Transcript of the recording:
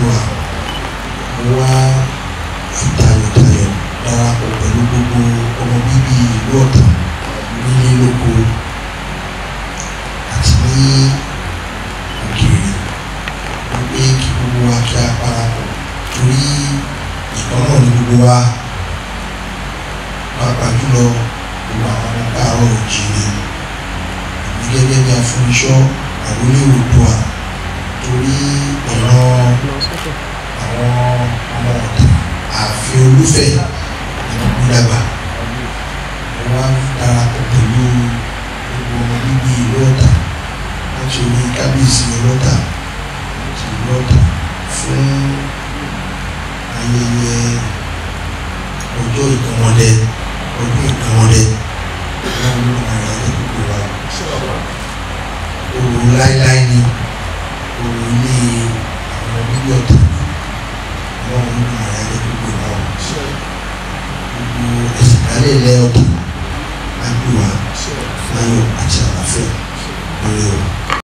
gbogbo wa wá fìtayọ̀tayọ̀ darapọ̀ pẹ̀lú gbogbo ọmọ bíbí ìlú Ọ̀tà nílé lóko àti ní òkèèrè wọ́n pé kí gbogbo wa kí a parapọ̀ torí ìkan náà ní gbogbo wa pàápàá jùlọ gbogbo àwọn ọmọ káàárọ̀ òjìire gẹ́gẹ́ bí afúnṣọ́ àrólé Oòduà. èèyàn olúfẹ́ ìdàgbà wọ́n á darapọ̀ pẹ̀lú gbogbo ọmọ bíbí ìlú ọ̀tà láti orí kábíyèsí ìlú ọ̀tà láti ìlú ọ̀tà fún ayẹyẹ ọjọ́ ìkọ́mọdé ọdún ìkọ́mọdé ọlọ́run ló máa yà ní gbogbo wa òru láíláí ni òru ní àwọn bíbí ọ̀tà ọlọ́run ló máa. alelɛ ɔbu anuwa n'ayɔ akyerɛ afɛ ɔlɛ o.